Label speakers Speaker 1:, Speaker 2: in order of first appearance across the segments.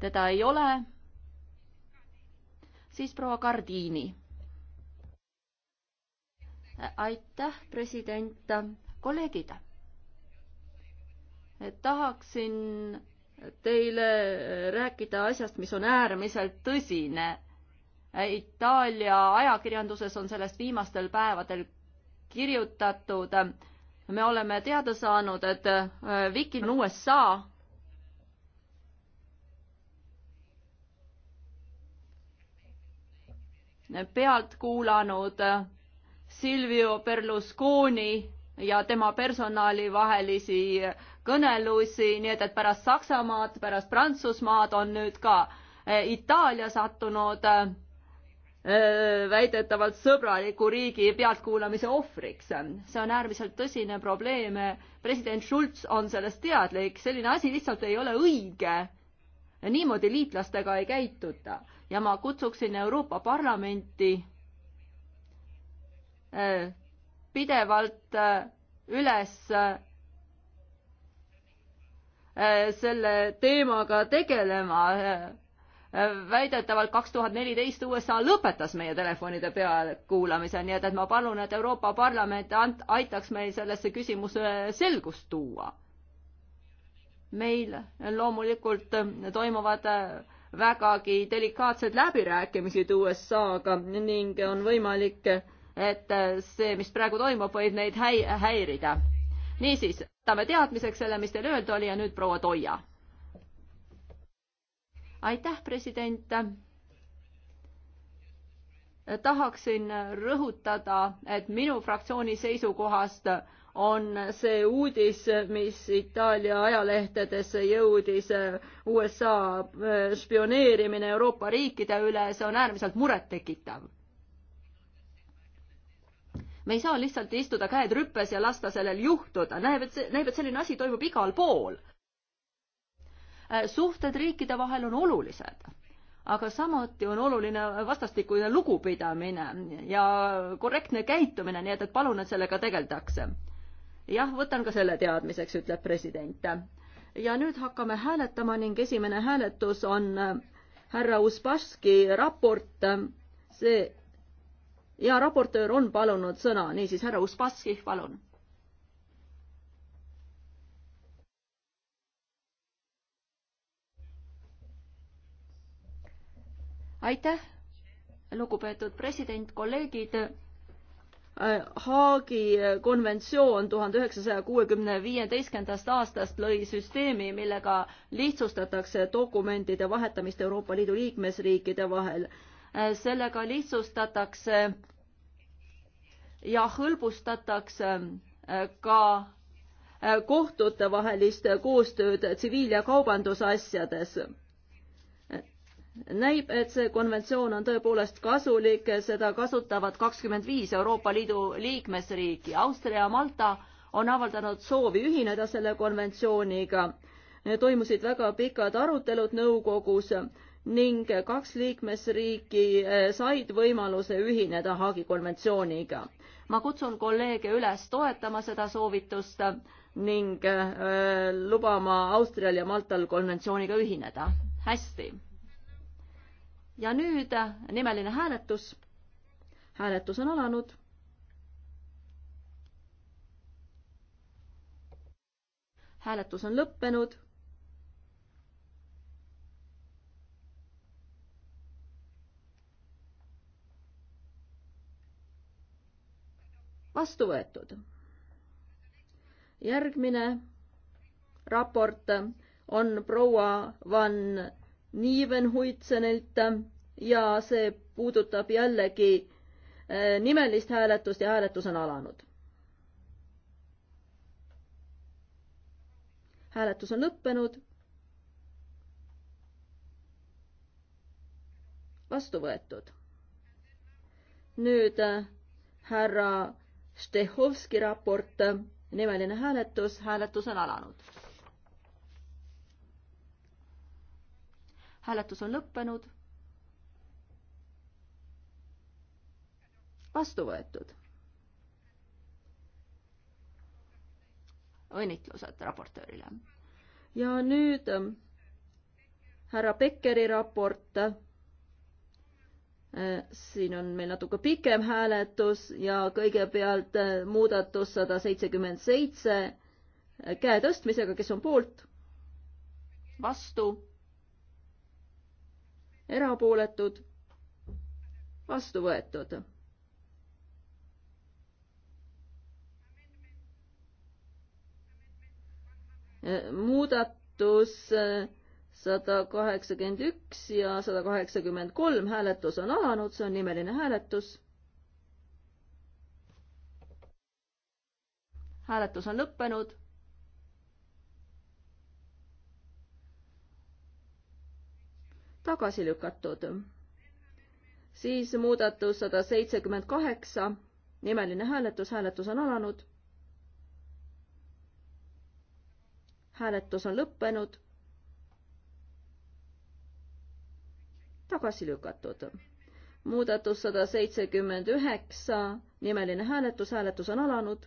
Speaker 1: teda ei ole, siis proua Gardiini. aitäh, president, kolleegid. tahaksin teile rääkida asjast, mis on äärmiselt tõsine. Itaalia ajakirjanduses on sellest viimastel päevadel kirjutatud. me oleme teada saanud, et Vikin USA pealt kuulanud Silvio Berlusconi ja tema personali vahelisi kõnelusi, nii et, et pärast Saksamaad, pärast Prantsusmaad on nüüd ka eh, Itaalia sattunud eh, väidetavalt sõbraliku riigi pealtkuulamise ohvriks. see on äärmiselt tõsine probleem. president Schulz on sellest teadlik, selline asi lihtsalt ei ole õige. niimoodi liitlastega ei käituta ja ma kutsuksin Euroopa Parlamenti äh, pidevalt äh, üles äh, selle teemaga tegelema. väidetavalt kaks tuhat neliteist USA lõpetas meie telefonide pealekuulamise, nii et, et ma palun, et Euroopa Parlament ant-, aitaks meil sellesse küsimusse selgust tuua. meil loomulikult toimuvad äh, vägagi delikaatseid läbirääkimisi USA-ga ning on võimalik, et see, mis praegu toimub, võib neid häi-, häirida. niisiis, võtame teadmiseks selle, mis teil öelda oli ja nüüd proua Toia. aitäh, president. tahaksin rõhutada, et minu fraktsiooni seisukohast on see uudis, mis Itaalia ajalehtedesse jõudis, USA äh, spioneerimine Euroopa riikide üle, see on äärmiselt murettekitav. me ei saa lihtsalt istuda käed rüppes ja lasta sellel juhtuda, näeb, et see, näib, et selline asi toimub igal pool. Äh, suhted riikide vahel on olulised aga samuti on oluline vastastikune lugupidamine ja korrektne käitumine, nii et, et palun, et sellega tegeldakse jah, võtan ka selle teadmiseks, ütleb president. ja nüüd hakkame hääletama ning esimene hääletus on äh, härra Uspaski raport, see ja raportöör on palunud sõna, niisiis härra Uspaski, palun. aitäh, lugupeetud president, kolleegid Äh, Haagi konventsioon tuhande üheksasaja kuuekümne viieteistkümnendast aastast lõi süsteemi, millega lihtsustatakse dokumentide vahetamist Euroopa Liidu liikmesriikide vahel. Äh, sellega lihtsustatakse ja hõlbustatakse äh, ka kohtutevahelist koostööd tsiviil- ja kaubandusasjades näib, et see konventsioon on tõepoolest kasulik, seda kasutavad kakskümmend viis Euroopa Liidu liikmesriiki. Austria ja Malta on avaldanud soovi ühineda selle konventsiooniga. toimusid väga pikad arutelud nõukogus ning kaks liikmesriiki said võimaluse ühineda Haagi konventsiooniga. ma kutsun kolleege üles toetama seda soovitust ning äh, lubama Austrial ja Maltal konventsiooniga ühineda. hästi ja nüüd nimeline hääletus. hääletus on alanud. hääletus on lõppenud. vastu võetud. järgmine raport on proua Van Niivenhuitsenilt ja see puudutab jällegi äh, nimelist hääletust ja hääletus on alanud. hääletus on lõppenud. vastu võetud. nüüd äh, härra Štehovski raport, nimeline hääletus, hääletus on alanud hääletus on lõppenud. vastu võetud. õnnitlused raportöörile. ja nüüd ähm, härra Beckeri raport äh, siin on meil natuke pikem hääletus ja kõigepealt äh, muudatus sada seitsekümmend seitse käe tõstmisega, kes on poolt? vastu? erapooletud, vastu võetud. muudatus sada kaheksakümmend üks ja sada kaheksakümmend kolm hääletus on alanud, see on nimeline hääletus. hääletus on lõppenud tagasi lükatud. siis muudatus sada seitsekümmend kaheksa, nimeline hääletus, hääletus on alanud. hääletus on lõppenud. tagasi lükatud. muudatus sada seitsekümmend üheksa, nimeline hääletus, hääletus on alanud.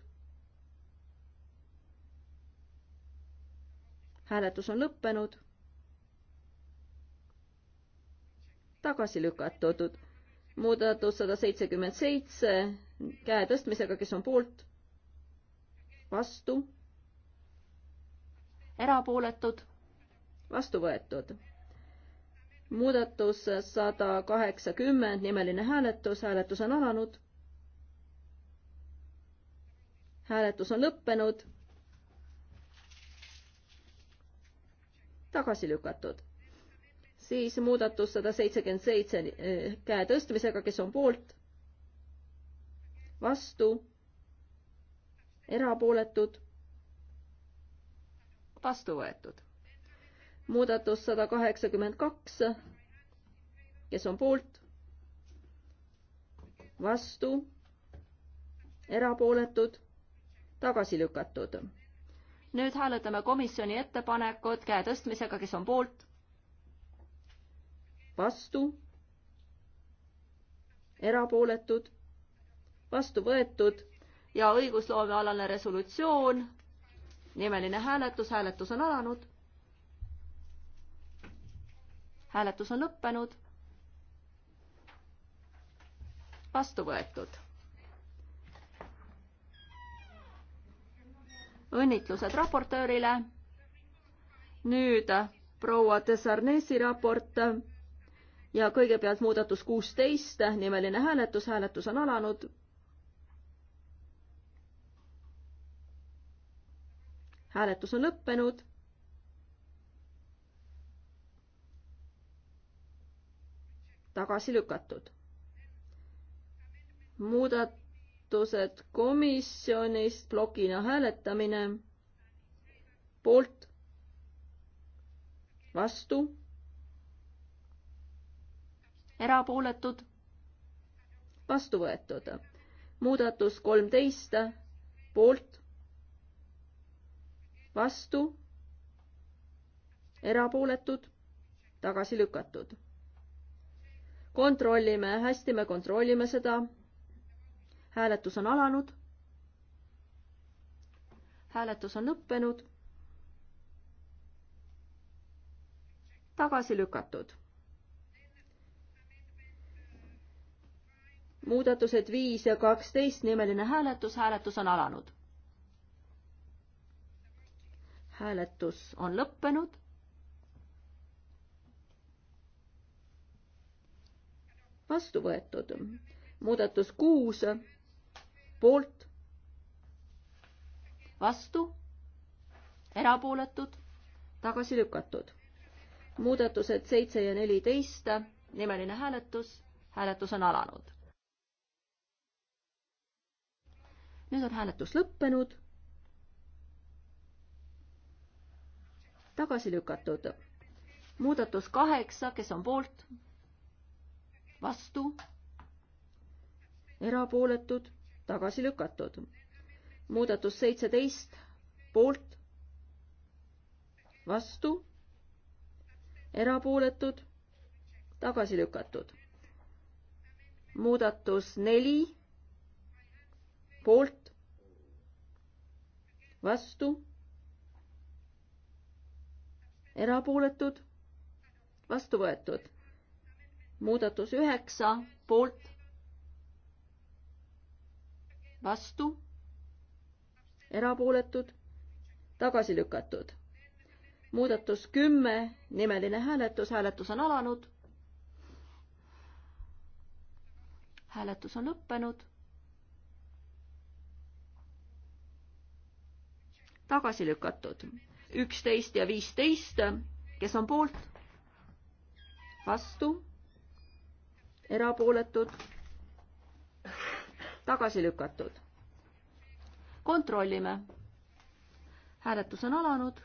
Speaker 1: hääletus on lõppenud tagasi lükatud. muudatus sada seitsekümmend seitse käe tõstmisega, kes on poolt, vastu, erapooletud, vastu võetud. muudatus sada kaheksakümmend, nimeline hääletus, hääletus on alanud. hääletus on lõppenud tagasi lükatud siis muudatus sada seitsekümmend seitse eh, käe tõstmisega, kes on poolt, vastu, erapooletud, vastu võetud. muudatus sada kaheksakümmend kaks, kes on poolt, vastu, erapooletud, tagasi lükatud. nüüd hääletame komisjoni ettepanekut käe tõstmisega, kes on poolt vastu, erapooletud, vastu võetud ja õigusloomealane resolutsioon, nimeline hääletus, hääletus on alanud. hääletus on lõppenud. vastu võetud. õnnitlused raportöörile. nüüd proua Desarnesi raport ja kõigepealt muudatus kuusteist, nimeline hääletus, hääletus on alanud. hääletus on lõppenud. tagasi lükatud. muudatused komisjonist, plokina hääletamine, poolt, vastu erapooletud, vastu võetud. muudatus kolmteist, poolt, vastu, erapooletud, tagasi lükatud. kontrollime, hästi, me kontrollime seda. hääletus on alanud. hääletus on lõppenud tagasi lükatud muudatused viis ja kaksteist, nimeline hääletus, hääletus on alanud. hääletus on lõppenud. vastu võetud. muudatus kuus, poolt, vastu, erapooletud, tagasi lükatud. muudatused seitse ja neliteist, nimeline hääletus, hääletus on alanud nüüd on hääletus lõppenud. tagasi lükatud. muudatus kaheksa, kes on poolt? vastu? erapooletud? tagasi lükatud. muudatus seitseteist, poolt? vastu? erapooletud? tagasi lükatud. muudatus neli, poolt? vastu, erapooletud, vastu võetud. muudatus üheksa, poolt, vastu, erapooletud, tagasi lükatud. muudatus kümme, nimeline hääletus, hääletus on alanud. hääletus on lõppenud tagasi lükatud. üksteist ja viisteist, kes on poolt? vastu? erapooletud? tagasi lükatud. kontrollime. hääletus on alanud.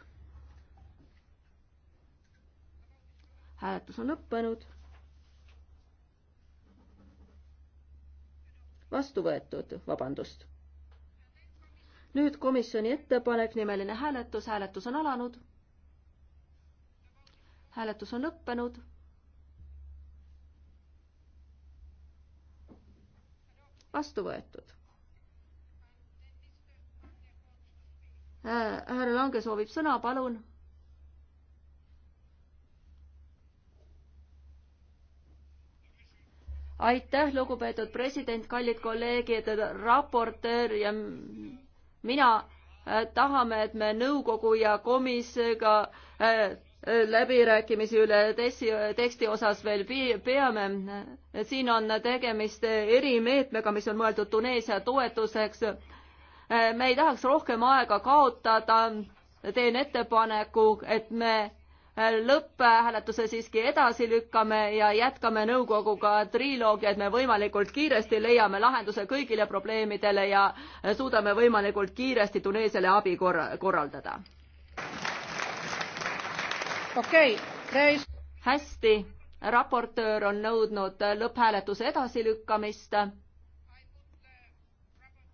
Speaker 1: hääletus on lõppenud. vastu võetud, vabandust nüüd komisjoni ettepanek, nimeline hääletus, hääletus on alanud. hääletus on lõppenud. vastu võetud. Äh, härra Lange soovib sõna, palun aitäh, lugupeetud president, kallid kolleegid, raportöör ja mina äh, tahame, et me nõukogu ja komisjoniga äh, äh, läbirääkimisi üle teksti, teksti osas veel peame. siin on tegemist erimeetmega, mis on mõeldud Tuneesia toetuseks. me ei tahaks rohkem aega kaotada. teen ettepaneku, et me lõpphääletuse siiski edasi lükkame ja jätkame nõukoguga triloogi, et me võimalikult kiiresti leiame lahenduse kõigile probleemidele ja suudame võimalikult kiiresti Tuneesiale abi korra-, korraldada. okei okay,, reis. hästi, raportöör on nõudnud lõpphääletuse edasilükkamist.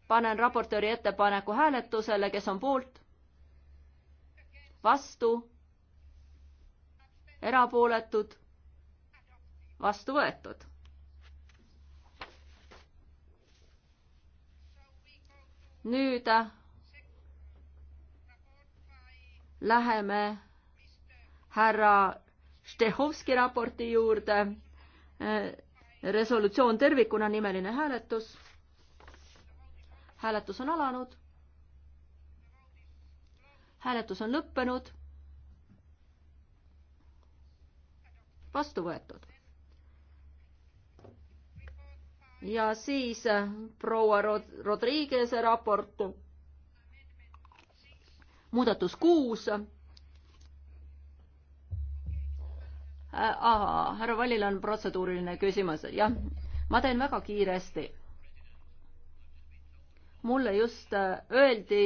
Speaker 1: panen raportööri ettepaneku hääletusele, kes on poolt? vastu erapooletud, vastu võetud. nüüd läheme härra Štehovski raporti juurde. resolutsioon tervikuna, nimeline hääletus. hääletus on alanud hääletus on lõppenud vastu võetud. ja siis äh, proua Rod-, Rodriguez'e raport, muudatus kuus äh, ahaa, härra Vallil on protseduuriline küsimus, jah. ma teen väga kiiresti. mulle just äh, öeldi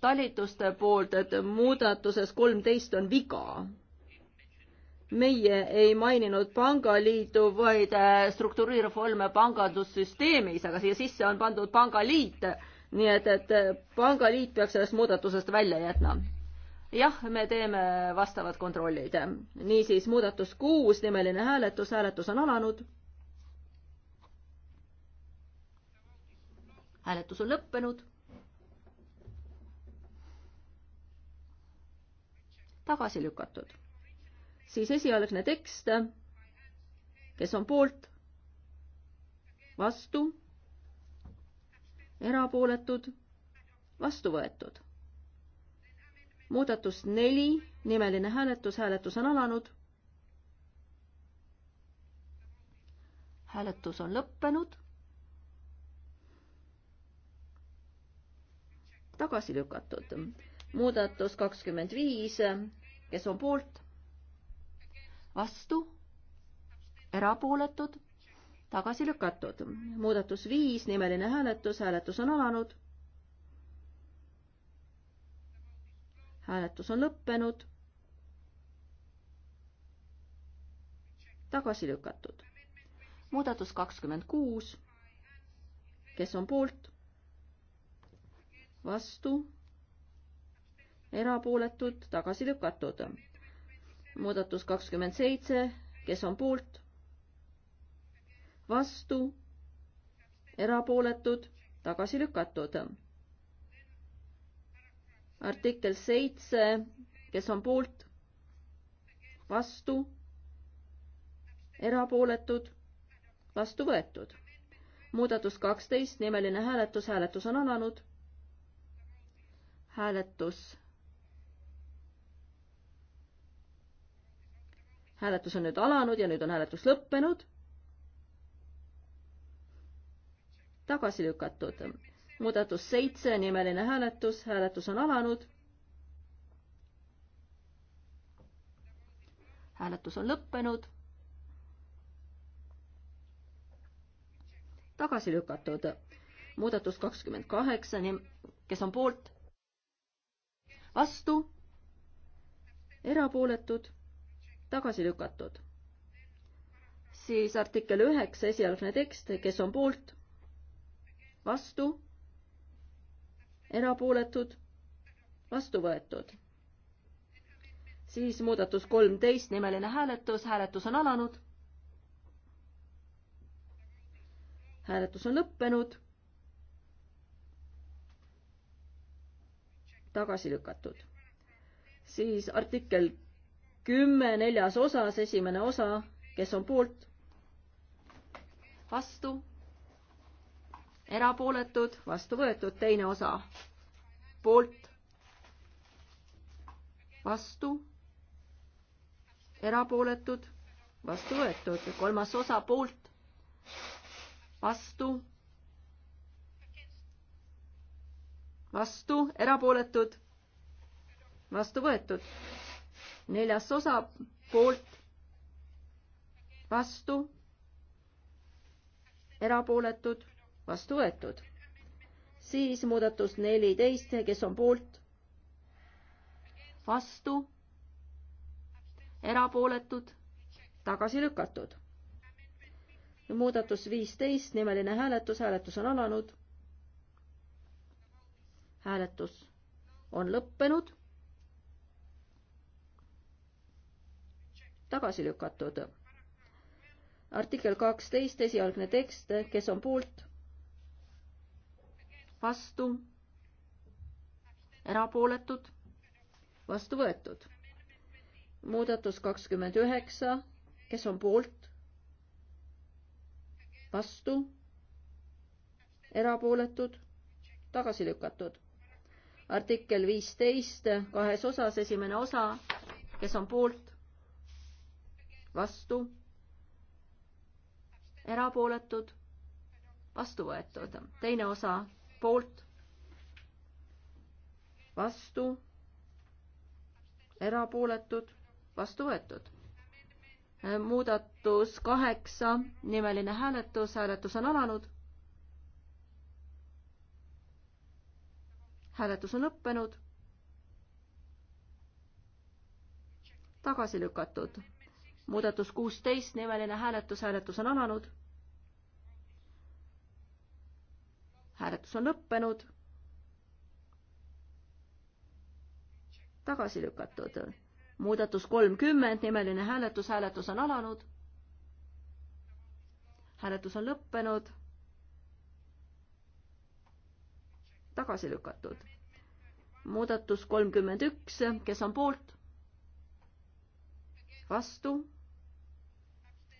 Speaker 1: talituste poolt, et muudatuses kolmteist on viga meie ei maininud pangaliitu, vaid äh, struktuurireforme pangandussüsteemis, aga siia sisse on pandud pangaliit. nii et, et äh, pangaliit peaks sellest muudatusest välja jätma. jah, me teeme vastavad kontrollid. niisiis, muudatus kuus, nimeline hääletus, hääletus on alanud. hääletus on lõppenud. tagasi lükatud siis esialgne tekst, kes on poolt, vastu, erapooletud, vastu võetud. muudatus neli, nimeline hääletus, hääletus on alanud. hääletus on lõppenud. tagasi lükatud. muudatus kakskümmend viis, kes on poolt, vastu, erapooletud, tagasi lükatud. muudatus viis, nimeline hääletus, hääletus on alanud. hääletus on lõppenud. tagasi lükatud. muudatus kakskümmend kuus. kes on poolt? vastu? erapooletud, tagasi lükatud muudatus kakskümmend seitse, kes on poolt? vastu, erapooletud, tagasi lükatud. artikkel seitse, kes on poolt? vastu, erapooletud, vastu võetud. muudatus kaksteist, nimeline hääletus, hääletus on alanud. hääletus hääletus on nüüd alanud ja nüüd on hääletus lõppenud. tagasi lükatud. muudatus seitse, nimeline hääletus, hääletus on alanud. hääletus on lõppenud. tagasi lükatud. muudatus kakskümmend kaheksa, kes on poolt? vastu? erapooletud tagasi lükatud. siis artikkel üheksa esialgne tekst, kes on poolt, vastu, erapooletud, vastu võetud. siis muudatus kolmteist, nimeline hääletus, hääletus on alanud. hääletus on lõppenud. tagasi lükatud. siis artikkel kümme neljas osas, esimene osa, kes on poolt? vastu? erapooletud, vastu võetud, teine osa poolt? vastu? erapooletud, vastu võetud, kolmas osa poolt, vastu, vastu, erapooletud, vastu võetud neljas osa poolt, vastu, erapooletud, vastu võetud. siis muudatus neliteist, kes on poolt, vastu, erapooletud, tagasi lükatud. muudatus viisteist, nimeline hääletus, hääletus on alanud. hääletus on lõppenud tagasi lükatud. artikkel kaksteist, esialgne tekst, kes on poolt? vastu? erapooletud? vastu võetud. muudatus kakskümmend üheksa, kes on poolt? vastu? erapooletud? tagasi lükatud artikkel viisteist kahes osas, esimene osa, kes on poolt, vastu, erapooletud, vastu võetud. teine osa poolt, vastu, erapooletud, vastu võetud. muudatus kaheksa, nimeline hääletus, hääletus on alanud. hääletus on lõppenud. tagasi lükatud muudatus kuusteist, nimeline hääletus, hääletus on alanud. hääletus on lõppenud. tagasi lükatud. muudatus kolmkümmend, nimeline hääletus, hääletus on alanud. hääletus on lõppenud. tagasi lükatud. muudatus kolmkümmend üks, kes on poolt? vastu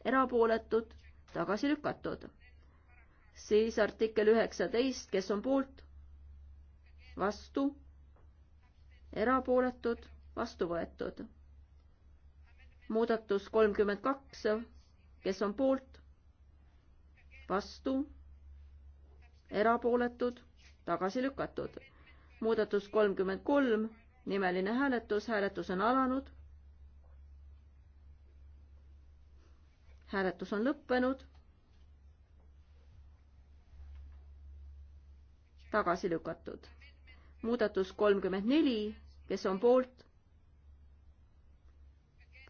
Speaker 1: erapooletud, tagasi lükatud. siis artikkel üheksateist, kes on poolt, vastu, erapooletud, vastu võetud. muudatus kolmkümmend kaks, kes on poolt, vastu, erapooletud, tagasi lükatud. muudatus kolmkümmend kolm, nimeline hääletus, hääletus on alanud hääletus on lõppenud. tagasi lükatud. muudatus kolmkümmend neli, kes on poolt?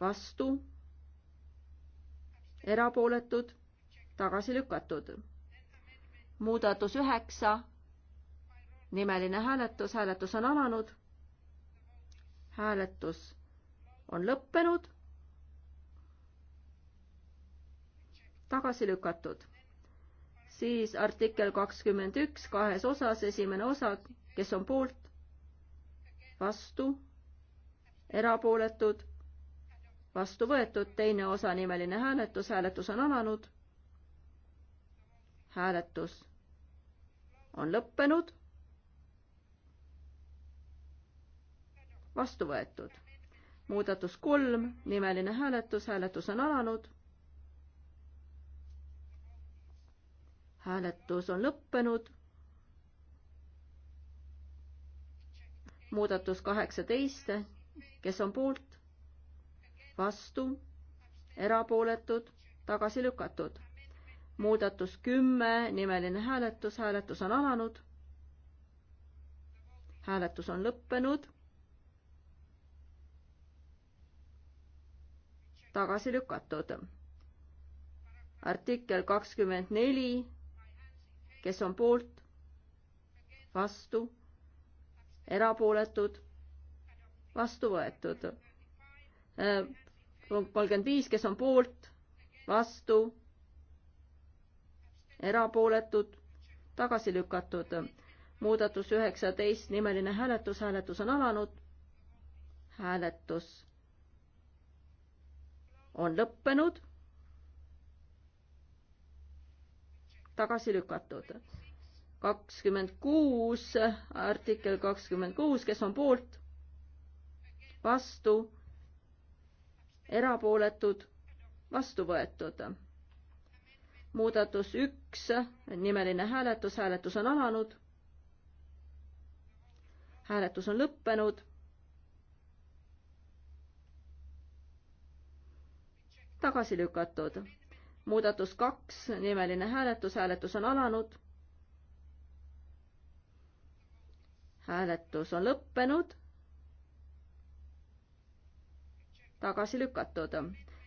Speaker 1: vastu? erapooletud? tagasi lükatud. muudatus üheksa, nimeline hääletus, hääletus on alanud. hääletus on lõppenud tagasi lükatud. siis artikkel kakskümmend üks kahes osas, esimene osa, kes on poolt, vastu, erapooletud, vastu võetud, teine osa nimeline hääletus, hääletus on alanud. hääletus on lõppenud. vastu võetud. muudatus kolm, nimeline hääletus, hääletus on alanud hääletus on lõppenud. muudatus kaheksateist, kes on poolt, vastu, erapooletud, tagasi lükatud. muudatus kümme, nimeline hääletus, hääletus on alanud. hääletus on lõppenud. tagasi lükatud artikkel kakskümmend neli kes on poolt, vastu, erapooletud, vastu võetud. punkt äh, kolmkümmend viis, kes on poolt, vastu, erapooletud, tagasi lükatud. muudatus üheksateist, nimeline hääletus, hääletus on alanud. hääletus on lõppenud tagasi lükatud. kakskümmend kuus, artikkel kakskümmend kuus, kes on poolt, vastu, erapooletud, vastu võetud. muudatus üks, nimeline hääletus, hääletus on alanud. hääletus on lõppenud. tagasi lükatud muudatus kaks, nimeline hääletus, hääletus on alanud. hääletus on lõppenud. tagasi lükatud.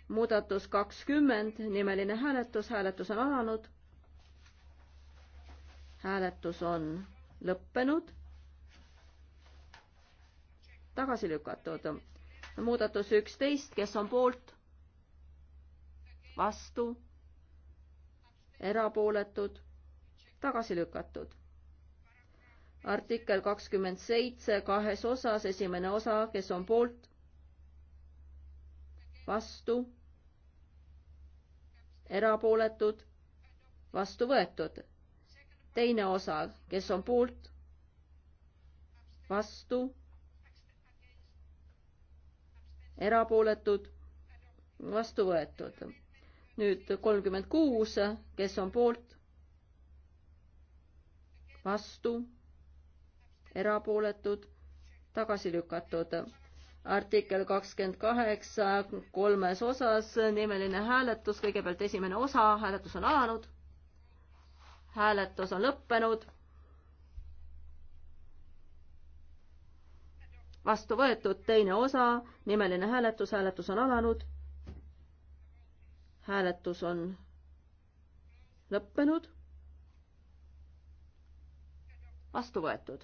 Speaker 1: muudatus kakskümmend, nimeline hääletus, hääletus on alanud. hääletus on lõppenud. tagasi lükatud. muudatus üksteist, kes on poolt? vastu erapooletud, tagasi lükatud. artikkel kakskümmend seitse kahes osas, esimene osa, kes on poolt, vastu, erapooletud, vastu võetud. teine osa, kes on poolt, vastu, erapooletud, vastu võetud nüüd kolmkümmend kuus, kes on poolt, vastu, erapooletud, tagasi lükatud. artikkel kakskümmend kaheksa kolmes osas, nimeline hääletus, kõigepealt esimene osa, hääletus on alanud, hääletus on lõppenud, vastu võetud teine osa, nimeline hääletus, hääletus on alanud hääletus on lõppenud. vastu võetud.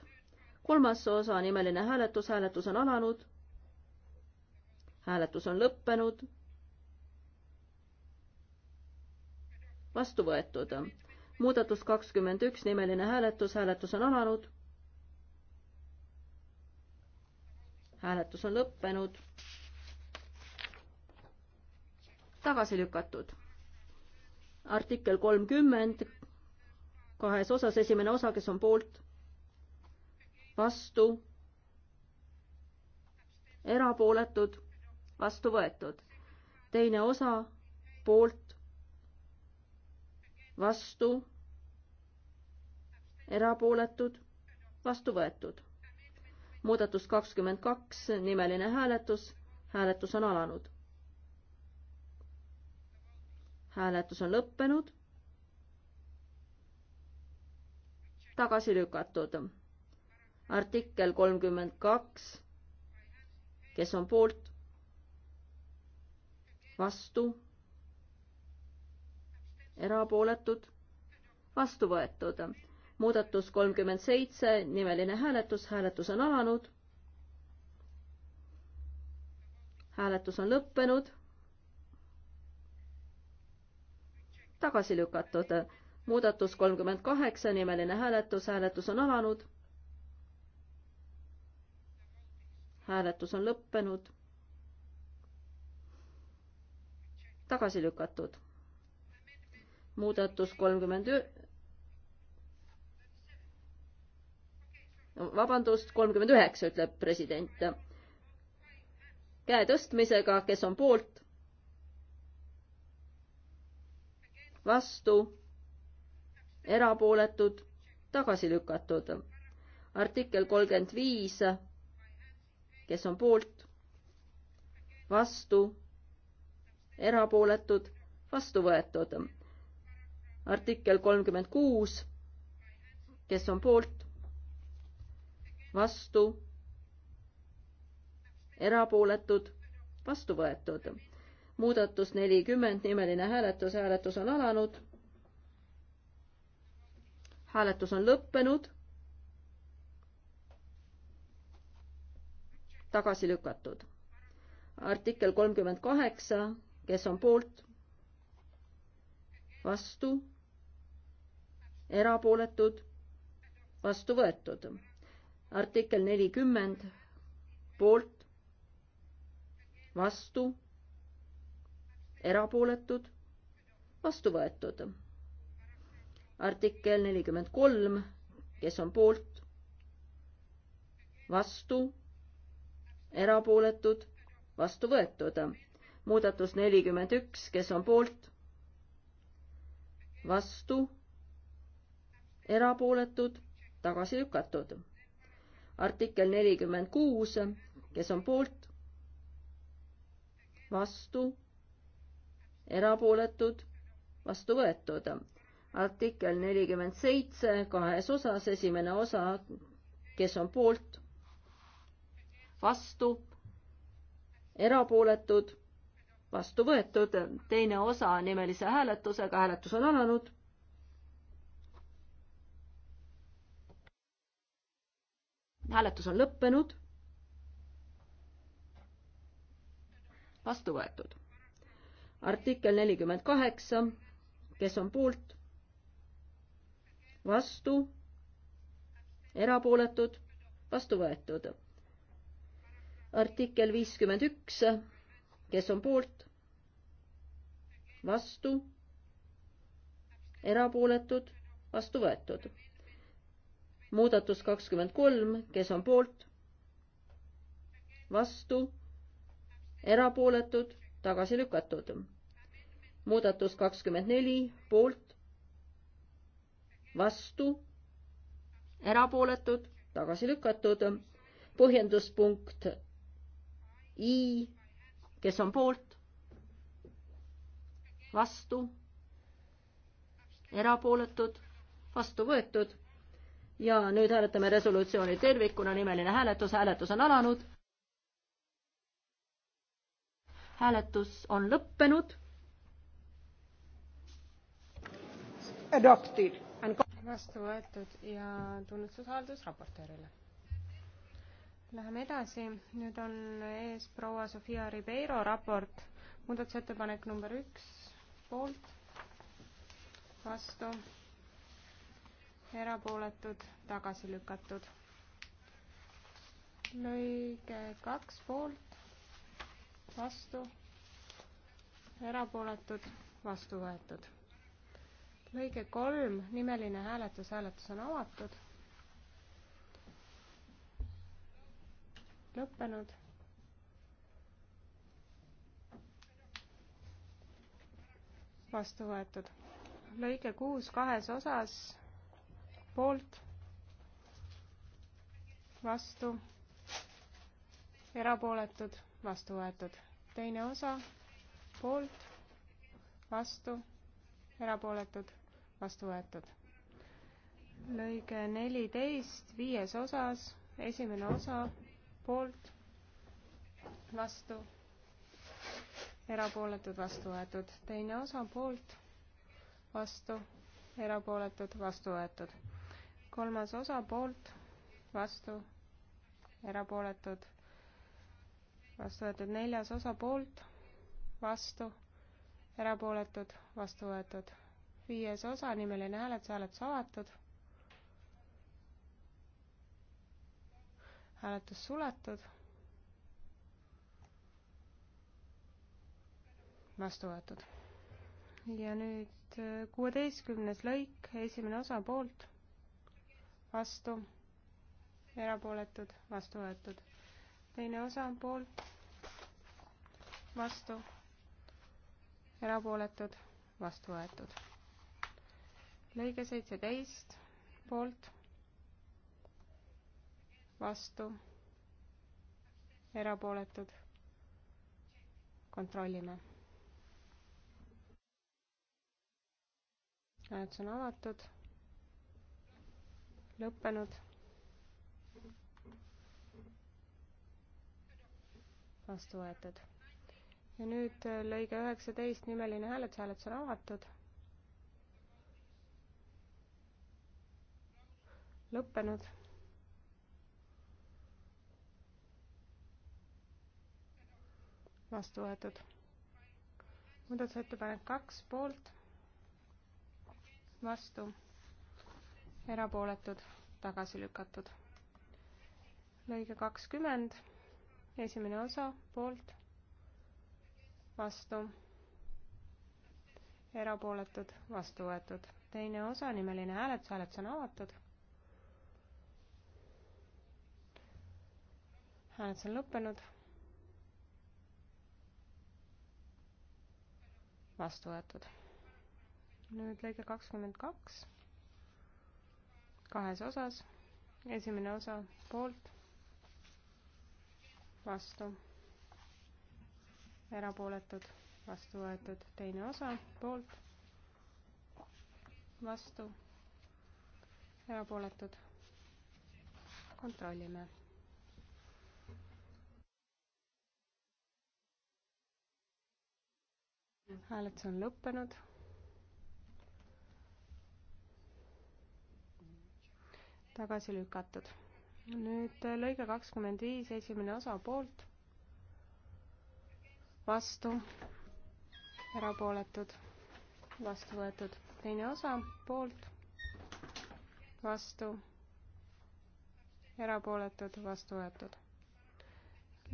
Speaker 1: kolmas osa nimeline hääletus, hääletus on alanud. hääletus on lõppenud. vastu võetud. muudatus kakskümmend üks, nimeline hääletus, hääletus on alanud. hääletus on lõppenud tagasi lükatud. artikkel kolmkümmend, kahes osas, esimene osa, kes on poolt, vastu, erapooletud, vastu võetud. teine osa, poolt, vastu, erapooletud, vastu võetud. muudatus kakskümmend kaks, nimeline hääletus, hääletus on alanud hääletus on lõppenud. tagasi lükatud. artikkel kolmkümmend kaks. kes on poolt? vastu? erapooletud? vastu võetud. muudatus kolmkümmend seitse, nimeline hääletus, hääletus on alanud. hääletus on lõppenud tagasi lükatud. muudatus kolmkümmend kaheksa, nimeline hääletus, hääletus on alanud. hääletus on lõppenud. tagasi lükatud. muudatus kolmkümmend ü-, vabandust, kolmkümmend üheksa, ütleb president. käe tõstmisega, kes on poolt vastu, erapooletud, tagasi lükatud. artikkel kolmkümmend viis, kes on poolt, vastu, erapooletud, vastu võetud. artikkel kolmkümmend kuus, kes on poolt, vastu, erapooletud, vastu võetud muudatus nelikümmend, nimeline hääletus, hääletus on alanud. hääletus on lõppenud. tagasi lükatud. artikkel kolmkümmend kaheksa, kes on poolt? vastu? erapooletud? vastu võetud. artikkel nelikümmend, poolt? vastu? erapooletud, vastu võetud. artikkel nelikümmend kolm, kes on poolt, vastu, erapooletud, vastu võetud. muudatus nelikümmend üks, kes on poolt, vastu, erapooletud, tagasi lükatud. artikkel nelikümmend kuus, kes on poolt, vastu erapooletud, vastu võetud. artikkel nelikümmend seitse kahes osas, esimene osa, kes on poolt, vastu, erapooletud, vastu võetud, teine osa nimelise hääletusega, hääletus on alanud hääletus on lõppenud. vastu võetud artikkel nelikümmend kaheksa, kes on poolt, vastu, erapooletud, vastu võetud. artikkel viiskümmend üks, kes on poolt, vastu, erapooletud, vastu võetud. muudatus kakskümmend kolm, kes on poolt, vastu, erapooletud tagasi lükatud. muudatus kakskümmend neli poolt, vastu, erapooletud, tagasi lükatud. põhjenduspunkt I, kes on poolt, vastu, erapooletud, vastu võetud ja nüüd hääletame resolutsiooni tervikuna, nimeline hääletus, hääletus on alanud hääletus on lõppenud. Adopted and vastu
Speaker 2: võetud ja tunnistusavaldus raportöörile. Läheme edasi, nüüd on ees proua Sofia Ribeiro raport, muudatusettepanek number üks, poolt, vastu, erapooletud, tagasi lükatud. lõige kaks poolt, vastu, erapooletud, vastu võetud. lõige kolm, nimeline hääletus, hääletus on avatud. lõppenud. vastu võetud. lõige kuus kahes osas, poolt, vastu, erapooletud vastu võetud. teine osa, poolt, vastu, erapooletud, vastu võetud. lõige neliteist, viies osas, esimene osa, poolt, vastu, erapooletud, vastu võetud. teine osa, poolt, vastu, erapooletud, vastu võetud. kolmas osa, poolt, vastu, erapooletud vastu võetud neljas osa poolt, vastu, erapooletud, vastu võetud. viies osa, nimeline hääletus, hääletus avatud. hääletus suletud. vastu võetud. ja nüüd äh, kuueteistkümnes lõik, esimene osa poolt, vastu, erapooletud, vastu võetud teine osa on poolt, vastu, erapooletud, vastu võetud. lõige seitseteist, poolt, vastu, erapooletud, kontrollime. hääletus on avatud, lõppenud vastu võetud. ja nüüd äh, lõige üheksateist, nimeline hääletus, hääletus on avatud. lõppenud. vastu võetud. muudatusettepanek kaks poolt, vastu, erapooletud, tagasi lükatud. lõige kakskümmend esimene osa poolt, vastu, erapooletud, vastu võetud. teine osa, nimeline hääletus, hääletus on avatud. hääletus on lõppenud. vastu võetud. nüüd lõige kakskümmend kaks, kahes osas, esimene osa poolt vastu, erapooletud, vastu võetud, teine osa, poolt, vastu, erapooletud, kontrollime hääletus on lõppenud. tagasi lükatud nüüd äh, lõige kakskümmend viis, esimene osa poolt, vastu, erapooletud, vastu võetud, teine osa poolt, vastu, erapooletud, vastu võetud.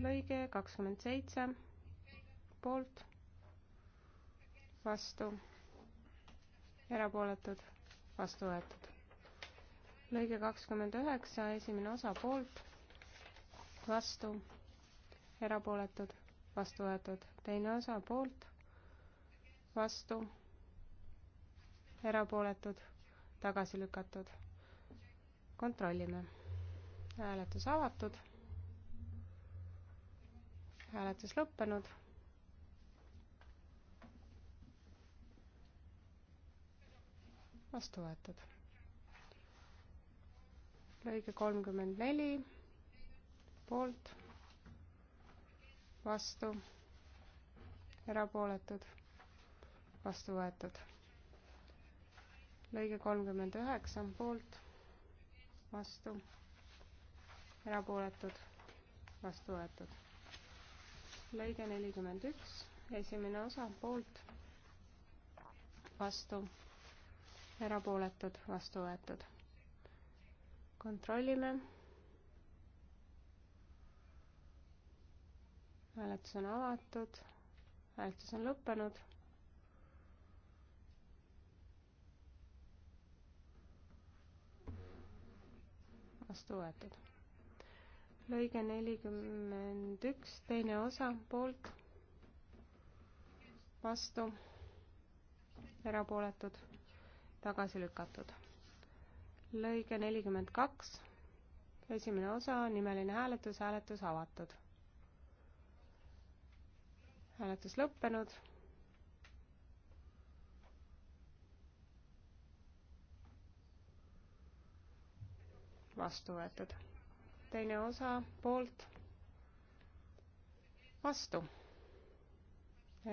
Speaker 2: lõige kakskümmend seitse, poolt, vastu, erapooletud, vastu võetud lõige kakskümmend üheksa, esimene osa poolt, vastu, erapooletud, vastu võetud, teine osa poolt, vastu, erapooletud, tagasi lükatud. kontrollime. hääletus avatud. hääletus lõppenud vastu võetud lõige kolmkümmend neli, poolt, vastu, erapooletud, vastu võetud. lõige kolmkümmend üheksa, poolt, vastu, erapooletud, vastu võetud. lõige nelikümmend üks, esimene osa, poolt, vastu, erapooletud, vastu võetud kontrollime. hääletus on avatud, hääletus on lõppenud. vastu võetud. lõige nelikümmend üks, teine osa poolt, vastu, erapooletud, tagasi lükatud lõige nelikümmend kaks, esimene osa, nimeline hääletus, hääletus avatud. hääletus lõppenud. vastu võetud. teine osa poolt, vastu,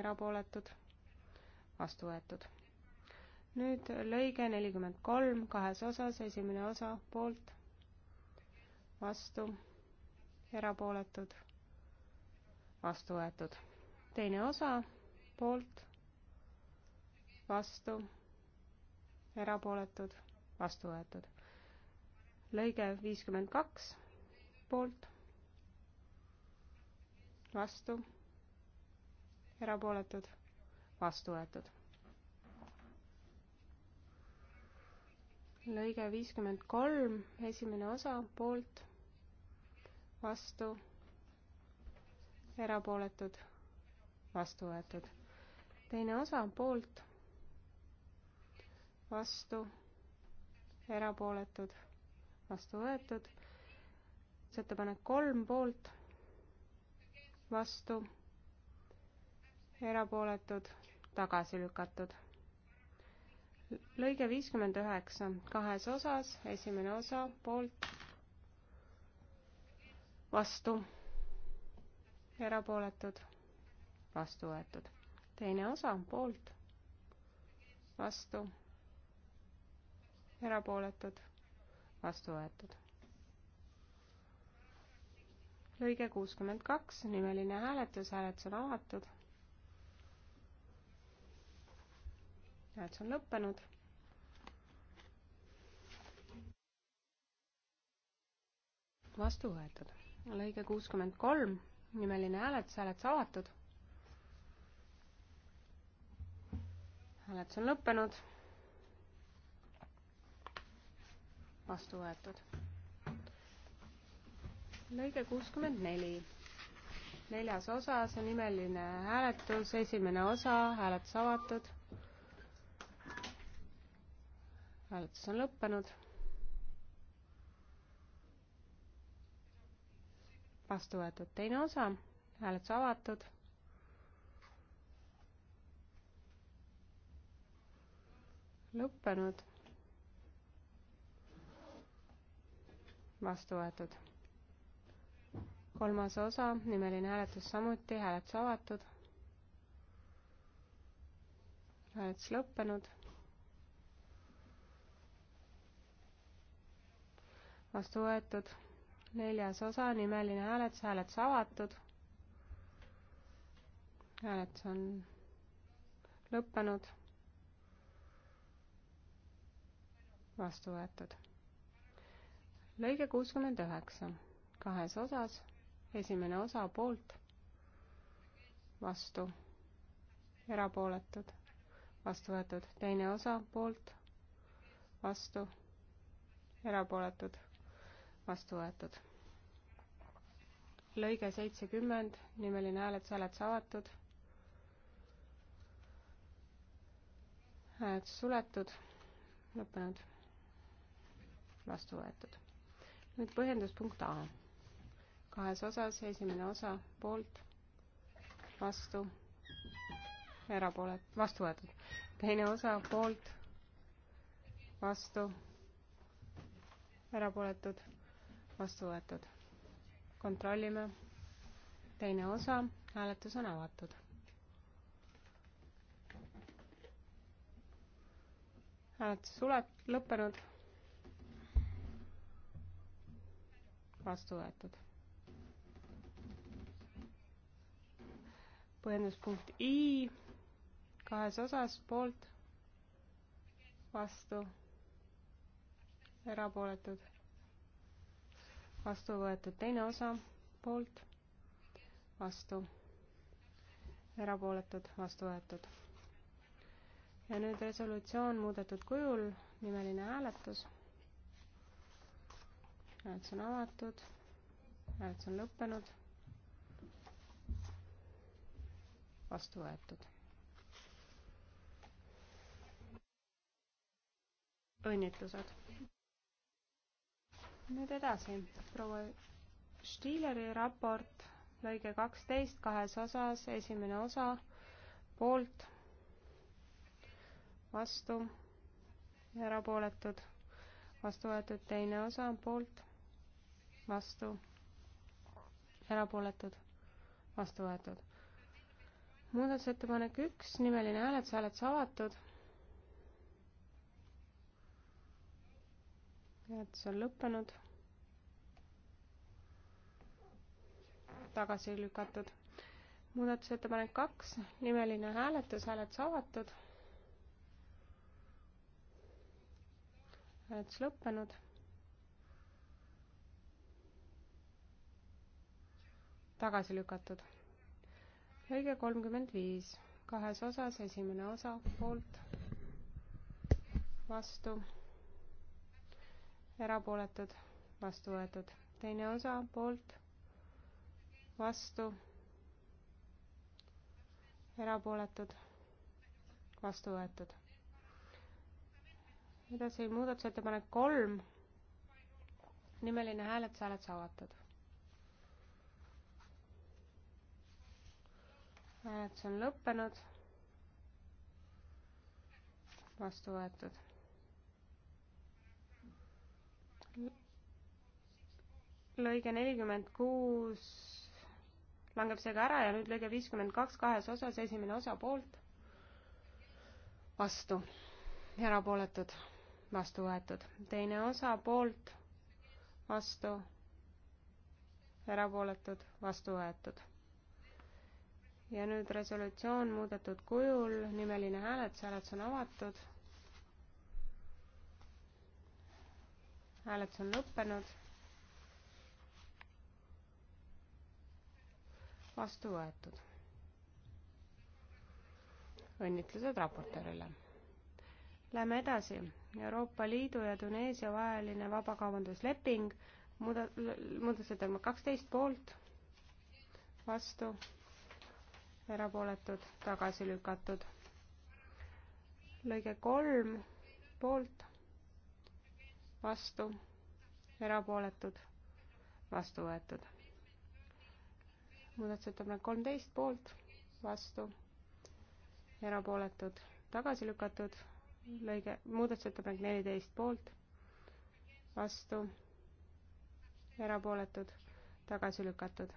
Speaker 2: erapooletud, vastu võetud nüüd lõige nelikümmend kolm kahes osas, esimene osa poolt, vastu, erapooletud, vastu võetud. teine osa poolt, vastu, erapooletud, vastu võetud. lõige viiskümmend kaks poolt, vastu, erapooletud, vastu võetud lõige viiskümmend kolm, esimene osa, poolt, vastu, erapooletud, vastu võetud. teine osa, poolt, vastu, erapooletud, vastu võetud. ettepanek kolm, poolt, vastu, erapooletud, tagasi lükatud lõige viiskümmend üheksa, kahes osas, esimene osa poolt, vastu, erapooletud, vastu võetud. teine osa poolt, vastu, erapooletud, vastu võetud. lõige kuuskümmend kaks, nimeline hääletus, hääletus on avatud näed, see on lõppenud. vastu võetud. lõige kuuskümmend kolm, nimeline hääletus, hääletus avatud. hääletus on lõppenud. vastu võetud. lõige kuuskümmend neli neljas osas on nimeline hääletus, esimene osa, hääletus avatud hääletus on lõppenud. vastu võetud teine osa, hääletus avatud. lõppenud. vastu võetud. kolmas osa, nimeline hääletus samuti, hääletus avatud. hääletus lõppenud vastu võetud. neljas osa, nimeline hääletus, hääletus avatud. hääletus on lõppenud. vastu võetud. lõige kuuskümmend üheksa, kahes osas, esimene osa poolt, vastu, erapooletud, vastu võetud, teine osa poolt, vastu, erapooletud vastu võetud. lõige seitsekümmend, nimeline hääletus, hääletus avatud. hääletus suletud, lõppenud, vastu võetud. nüüd põhjenduspunkt A. kahes osas, esimene osa poolt, vastu, erapoolet-, vastu võetud. teine osa poolt, vastu, erapooletud vastu võetud. kontrollime. teine osa, hääletus on avatud. hääletus sule-, lõppenud. vastu võetud. põhjenduspunkt I kahes osas, poolt, vastu, erapooletud vastu võetud teine osa poolt, vastu, erapooletud, vastu võetud. ja nüüd resolutsioon muudetud kujul, nimeline hääletus. hääletus on avatud, hääletus on lõppenud, vastu võetud. õnnitlused nüüd edasi, proua Stiileri raport, lõige kaksteist kahes osas, esimene osa poolt, vastu, erapooletud, vastu võetud teine osa poolt, vastu, erapooletud, vastu võetud. muudatusettepanek üks, nimeline hääletus, hääletus avatud hääletus on lõppenud. tagasi lükatud. muudatusettepanek kaks, nimeline hääletus, hääletus avatud. hääletus lõppenud. tagasi lükatud. lõige kolmkümmend viis, kahes osas, esimene osa poolt, vastu erapooletud, vastu võetud. teine osa poolt, vastu, erapooletud, vastu võetud. edasi muudatusettepanek kolm, nimeline hääletus, hääletus avatud. hääletus on lõppenud, vastu võetud lõige nelikümmend kuus langeb seega ära ja nüüd lõige viiskümmend kaks kahes osas, esimene osa poolt, vastu, erapooletud, vastu võetud, teine osa poolt, vastu, erapooletud, vastu võetud. ja nüüd resolutsioon muudetud kujul, nimeline hääletus, hääletus on avatud hääletus on lõppenud. vastu võetud. õnnitlused raportöörile. Läheme edasi. Euroopa Liidu ja Tuneesia vaheline vabakaubandusleping, muuda-, muudatusettepanek kaksteist poolt, vastu, erapooletud, tagasi lükatud. lõige kolm poolt vastu, erapooletud, vastu võetud. muudatusettepanek kolmteist poolt, vastu, erapooletud, tagasi lükatud, lõige, muudatusettepanek neliteist poolt, vastu, erapooletud, tagasi lükatud.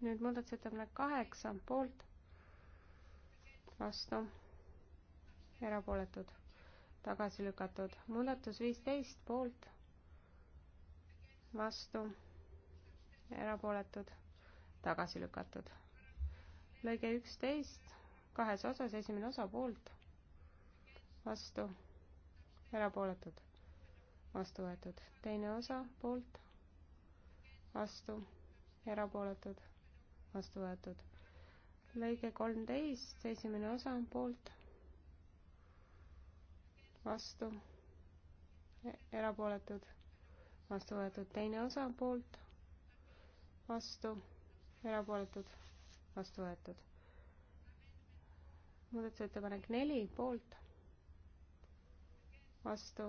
Speaker 2: nüüd muudatusettepanek kaheksa poolt, vastu, erapooletud tagasi lükatud. muudatus viisteist poolt, vastu, erapooletud, tagasi lükatud. lõige üksteist, kahes osas, esimene osa poolt, vastu, erapooletud, vastu võetud. teine osa poolt, vastu, erapooletud, vastu võetud. lõige kolmteist, esimene osa poolt vastu, e-, erapooletud, vastu võetud teine osa poolt, vastu, erapooletud, vastu võetud. muudatusettepanek neli poolt, vastu,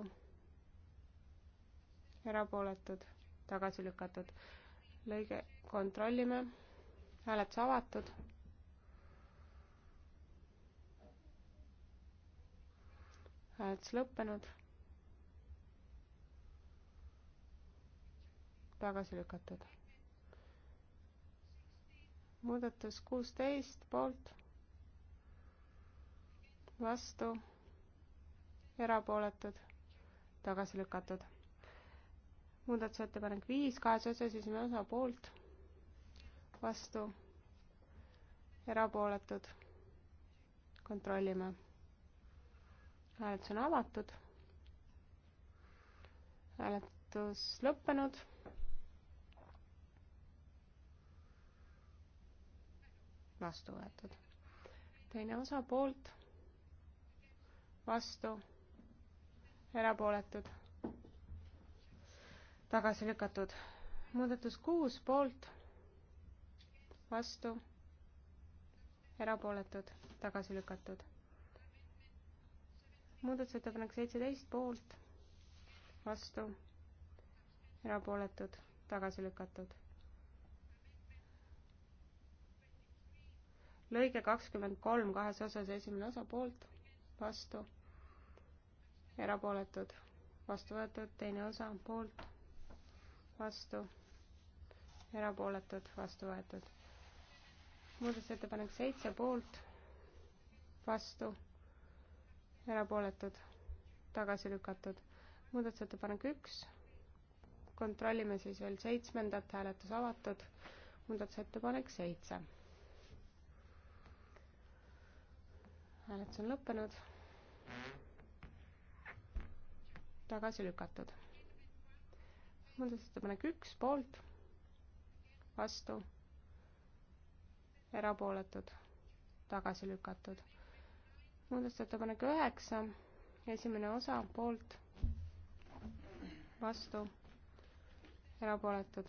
Speaker 2: erapooletud, tagasi lükatud. lõige, kontrollime, hääletus avatud hääletus lõppenud. tagasi lükatud. muudatus kuusteist poolt, vastu, erapooletud, tagasi lükatud. muudatusettepanek viis, kahes otsas esimene osa poolt, vastu, erapooletud. kontrollime hääletus on avatud. hääletus lõppenud. vastu võetud. teine osa poolt, vastu, erapooletud, tagasi lükatud. muudatus kuus poolt, vastu, erapooletud, tagasi lükatud muudatusettepanek seitseteist poolt, vastu, erapooletud, tagasi lükatud. lõige kakskümmend kolm kahes osas, esimene osa poolt, vastu, erapooletud, vastu võetud, teine osa poolt, vastu, erapooletud, vastu võetud. muudatusettepanek seitse poolt, vastu erapooletud, tagasi lükatud. muudatusettepanek üks, kontrollime siis veel seitsmendat, hääletus avatud, muudatusettepanek seitse. hääletus on lõppenud. tagasi lükatud. muudatusettepanek üks, poolt, vastu, erapooletud, tagasi lükatud muudatusettepanek üheksa, esimene osa poolt, vastu, erapooletud,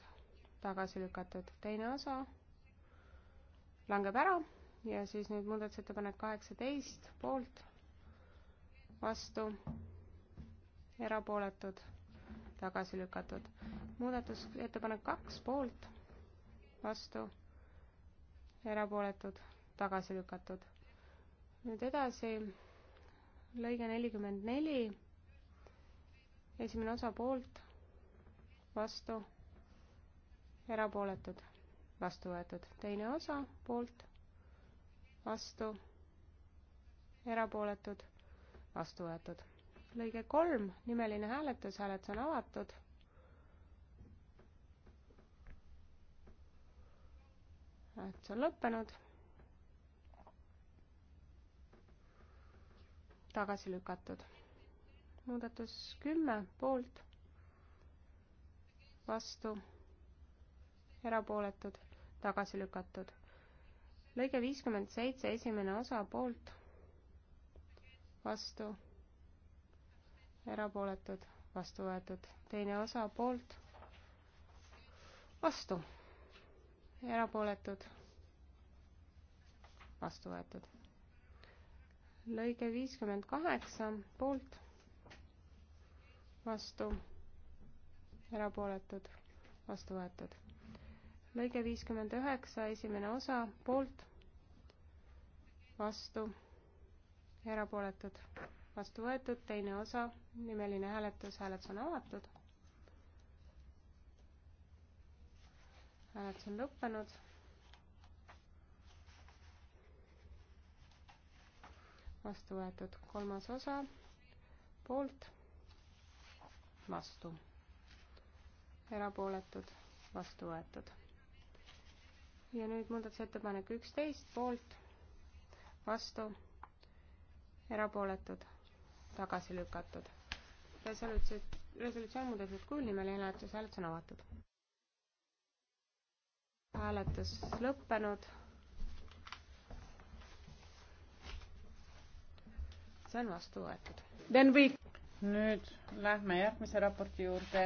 Speaker 2: tagasi lükatud. teine osa langeb ära ja siis nüüd muudatusettepanek kaheksateist poolt, vastu, erapooletud, tagasi lükatud. muudatusettepanek kaks poolt, vastu, erapooletud, tagasi lükatud nüüd edasi, lõige nelikümmend neli, esimene osa poolt, vastu, erapooletud, vastu võetud, teine osa poolt, vastu, erapooletud, vastu võetud. lõige kolm, nimeline hääletus, hääletus on avatud et see on lõppenud tagasi lükatud. muudatus kümme poolt, vastu, erapooletud, tagasi lükatud. lõige viiskümmend seitse, esimene osa poolt, vastu, erapooletud, vastu võetud. teine osa poolt, vastu, erapooletud, vastu võetud lõige viiskümmend kaheksa poolt, vastu, erapooletud, vastu võetud. lõige viiskümmend üheksa, esimene osa poolt, vastu, erapooletud, vastu võetud, teine osa, nimeline hääletus, hääletus on avatud. hääletus on lõppenud vastu võetud kolmas osa poolt, vastu, erapooletud, vastu võetud. ja nüüd muudatusettepanek üksteist poolt, vastu, erapooletud, tagasi lükatud. resolutsioon, resolutsioon muudetud kujul nimeline hääletus, hääletus on avatud. hääletus lõppenud see on vastu võetud.
Speaker 3: We... nüüd lähme järgmise raporti juurde,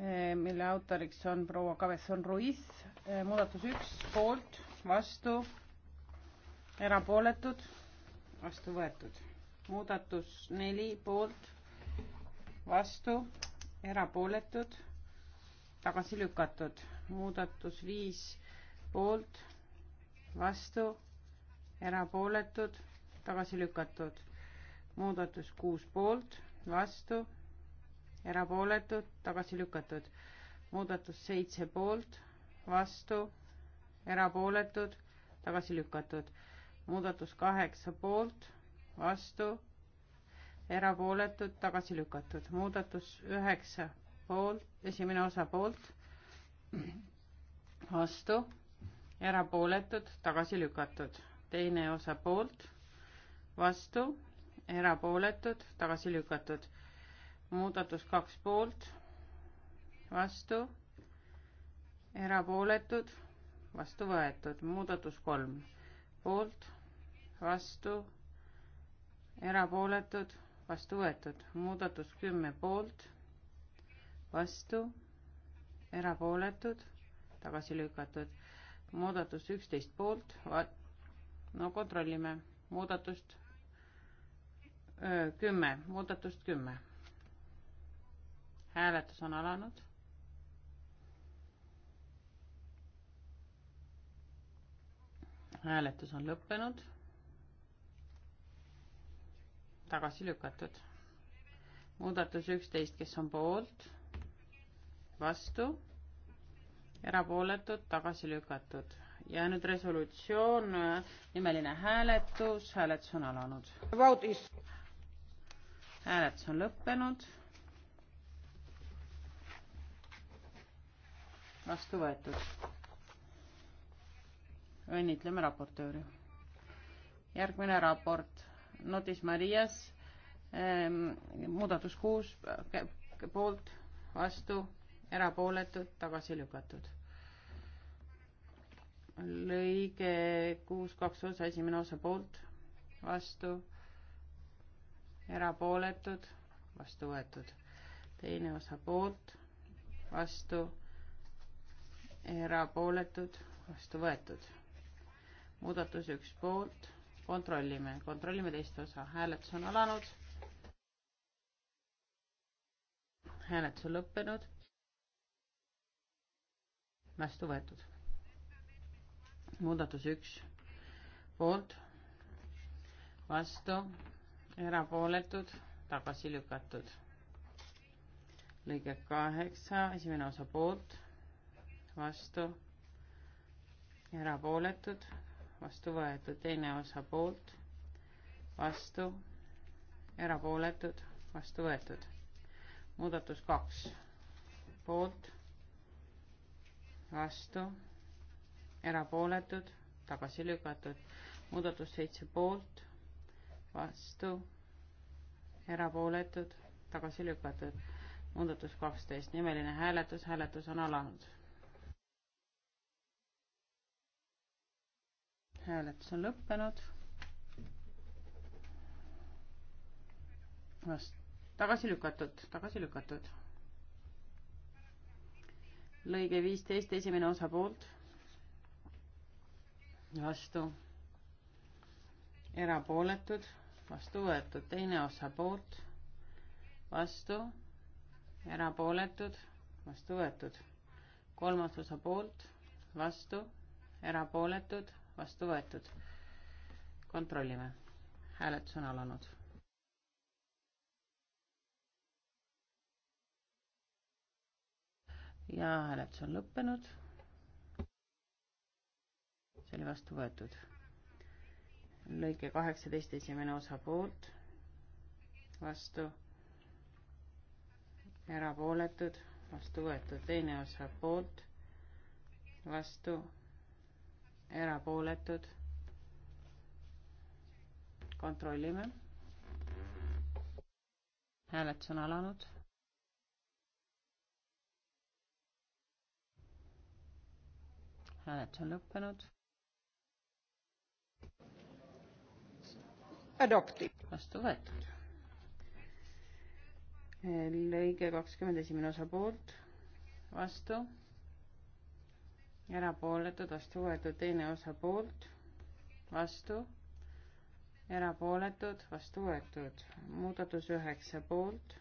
Speaker 3: eh, mille autoriks on proua Kaveson Ruiz. Eh, muudatus üks poolt, vastu, erapooletud, vastu võetud. muudatus neli poolt, vastu, erapooletud, tagasi lükatud. muudatus viis poolt, vastu, erapooletud tagasi lükatud. muudatus kuus poolt, vastu, erapooletud, tagasi lükatud. muudatus seitse poolt, vastu, erapooletud, tagasi lükatud. muudatus kaheksa poolt, vastu, erapooletud, tagasi lükatud. muudatus üheksa poolt, esimene osa poolt, vastu, erapooletud, tagasi lükatud. teine osa poolt vastu, erapooletud, tagasi lükatud. muudatus kaks poolt, vastu, erapooletud, vastu võetud. muudatus kolm poolt, vastu, erapooletud, vastu võetud. muudatus kümme poolt, vastu, erapooletud, tagasi lükatud. muudatus üksteist poolt, no kontrollime muudatust kümme, muudatust kümme. hääletus on alanud. hääletus on lõppenud. tagasi lükatud. muudatus üksteist, kes on poolt, vastu, erapooletud, tagasi lükatud ja nüüd resolutsioon, nimeline hääletus, hääletus on alanud hääletus on lõppenud. vastu võetud. õnnitleme raportööri. järgmine raport, Notis Marias ähm,, muudatus kuus poolt, vastu, erapooletud, tagasi lükatud. lõige kuus, kaks osa, esimene osa poolt, vastu erapooletud, vastu võetud. teine osa poolt, vastu, erapooletud, vastu võetud. muudatus üks poolt, kontrollime, kontrollime teist osa, hääletus on alanud. hääletus on lõppenud. vastu võetud. muudatus üks poolt, vastu erapooletud, tagasi lükatud. lõige kaheksa, esimene osa poolt, vastu, erapooletud, vastu võetud, teine osa poolt, vastu, erapooletud, vastu võetud. muudatus kaks, poolt, vastu, erapooletud, tagasi lükatud. muudatus seitse poolt vastu, erapooletud, tagasi lükatud. muudatus kaksteist, nimeline hääletus, hääletus on alanud. hääletus on lõppenud. vast-, tagasi lükatud, tagasi lükatud. lõige viisteist, esimene osa poolt. vastu erapooletud vastu võetud, teine osa poolt, vastu, erapooletud, vastu võetud, kolmas osa poolt, vastu, erapooletud, vastu võetud. kontrollime, hääletus on alanud. ja hääletus on lõppenud. see oli vastu võetud lõike kaheksateist esimene osa poolt, vastu, erapooletud, vastu võetud, teine osa poolt, vastu, erapooletud. kontrollime. hääletus on alanud. hääletus on lõppenud adopted. vastu võetud. lõige kakskümmend esimene osa poolt, vastu, erapooletud, vastu võetud, teine osa poolt, vastu, erapooletud, vastu võetud, muudatus üheksa poolt,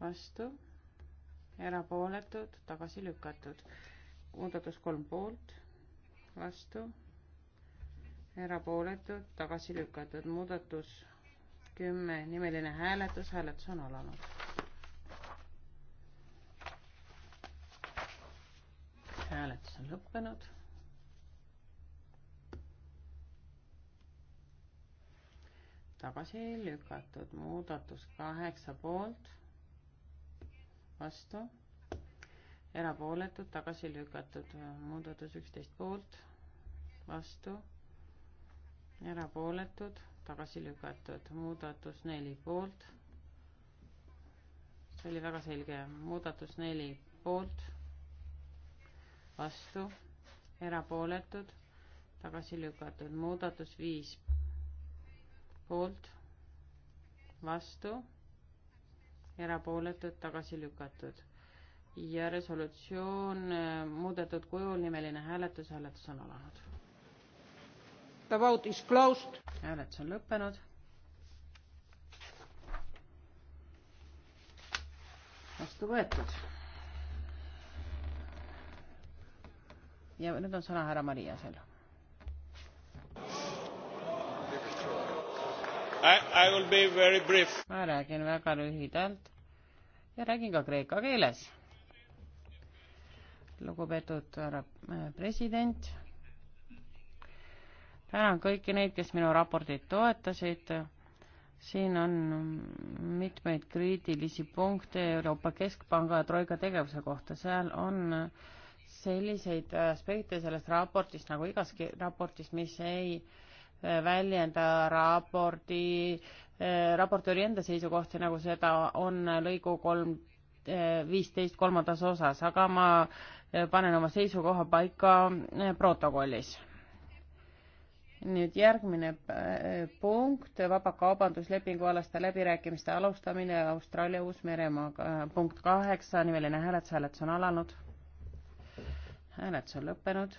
Speaker 3: vastu, erapooletud, tagasi lükatud, muudatus kolm poolt, vastu erapooletud, tagasi lükatud, muudatus kümme, nimeline hääletus, hääletus on alanud. hääletus on lõppenud. tagasi lükatud, muudatus kaheksa poolt, vastu, erapooletud, tagasi lükatud, muudatus üksteist poolt, vastu erapooletud, tagasi lükatud, muudatus neli poolt. see oli väga selge, muudatus neli poolt, vastu, erapooletud, tagasi lükatud, muudatus viis poolt, vastu, erapooletud, tagasi lükatud ja resolutsioon eh, muudetud kujul, nimeline hääletus, hääletus on alanud The vote is closed. hääletus on lõppenud. vastu võetud. ja nüüd on sõna härra Mariasel. ma räägin väga lühidalt ja räägin ka kreeka keeles. lugupeetud härra president tänan kõiki neid, kes minu raportit toetasid. siin on mitmeid kriitilisi punkte Euroopa Keskpanga ja Troika tegevuse kohta, seal on selliseid aspekte sellest raportist nagu igas raportis, mis ei väljenda raporti, raportööri enda seisukohti, nagu seda on lõigu kolm, viisteist kolmandas osas, aga ma panen oma seisukoha paika protokollis nüüd järgmine äh, punkt, vabakaubanduslepingu alaste läbirääkimiste alustamine Austraalia Uus-Meremaaga. Äh, punkt kaheksa, nimeline hääletus, hääletus on alanud. hääletus on lõppenud.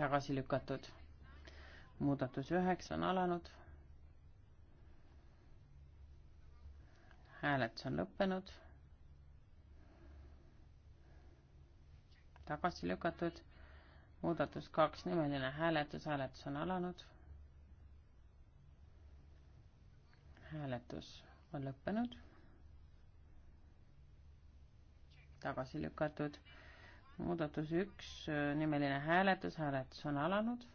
Speaker 3: tagasi lükatud. muudatus üheksa on alanud. hääletus on lõppenud tagasi lükatud. muudatus kaks, nimeline hääletus, hääletus on alanud. hääletus on lõppenud. tagasi lükatud. muudatus üks, nimeline hääletus, hääletus on alanud.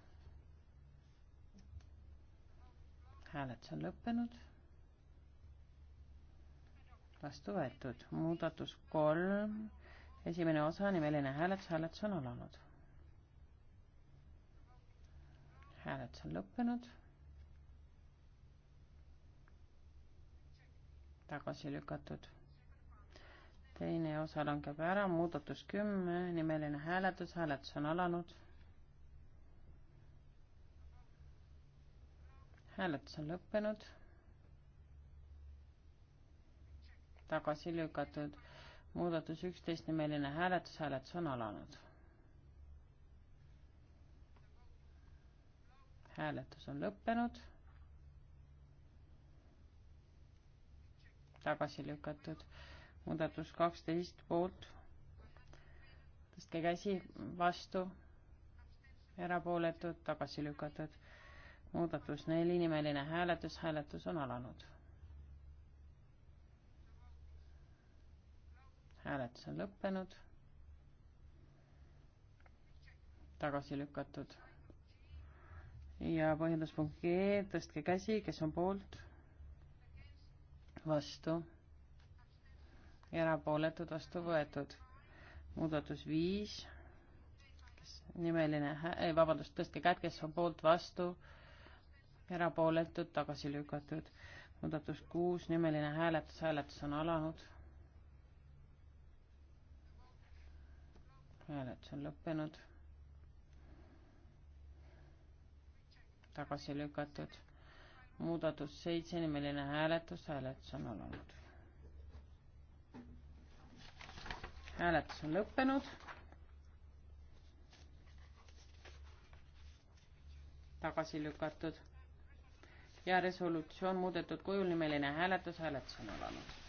Speaker 3: hääletus on lõppenud vastu võetud. muudatus kolm, esimene osa, nimeline hääletus, hääletus on alanud. hääletus on lõppenud. tagasi lükatud. teine osa langeb ära, muudatus kümme, nimeline hääletus, hääletus on alanud. hääletus on lõppenud. tagasi lükatud muudatus üksteist nimeline hääletus, hääletus on alanud. hääletus on lõppenud. tagasi lükatud muudatus kaksteist poolt. tõstke käsi vastu, erapooletud, tagasi lükatud. muudatus neli nimeline hääletus, hääletus on alanud hääletus on lõppenud. tagasi lükatud. ja põhjenduspunkt G, tõstke käsi, kes on poolt, vastu, erapooletud, vastu võetud. muudatus viis, kes nimeline, vabandust, tõstke käed, kes on poolt, vastu, erapooletud, tagasi lükatud. muudatus kuus, nimeline hääletus, hääletus on alanud hääletus on lõppenud. tagasi lükatud. muudatus seitse, nimeline hääletus, hääletus on alanud. hääletus on lõppenud. tagasi lükatud ja resolutsioon muudetud kujul, nimeline hääletus, hääletus on alanud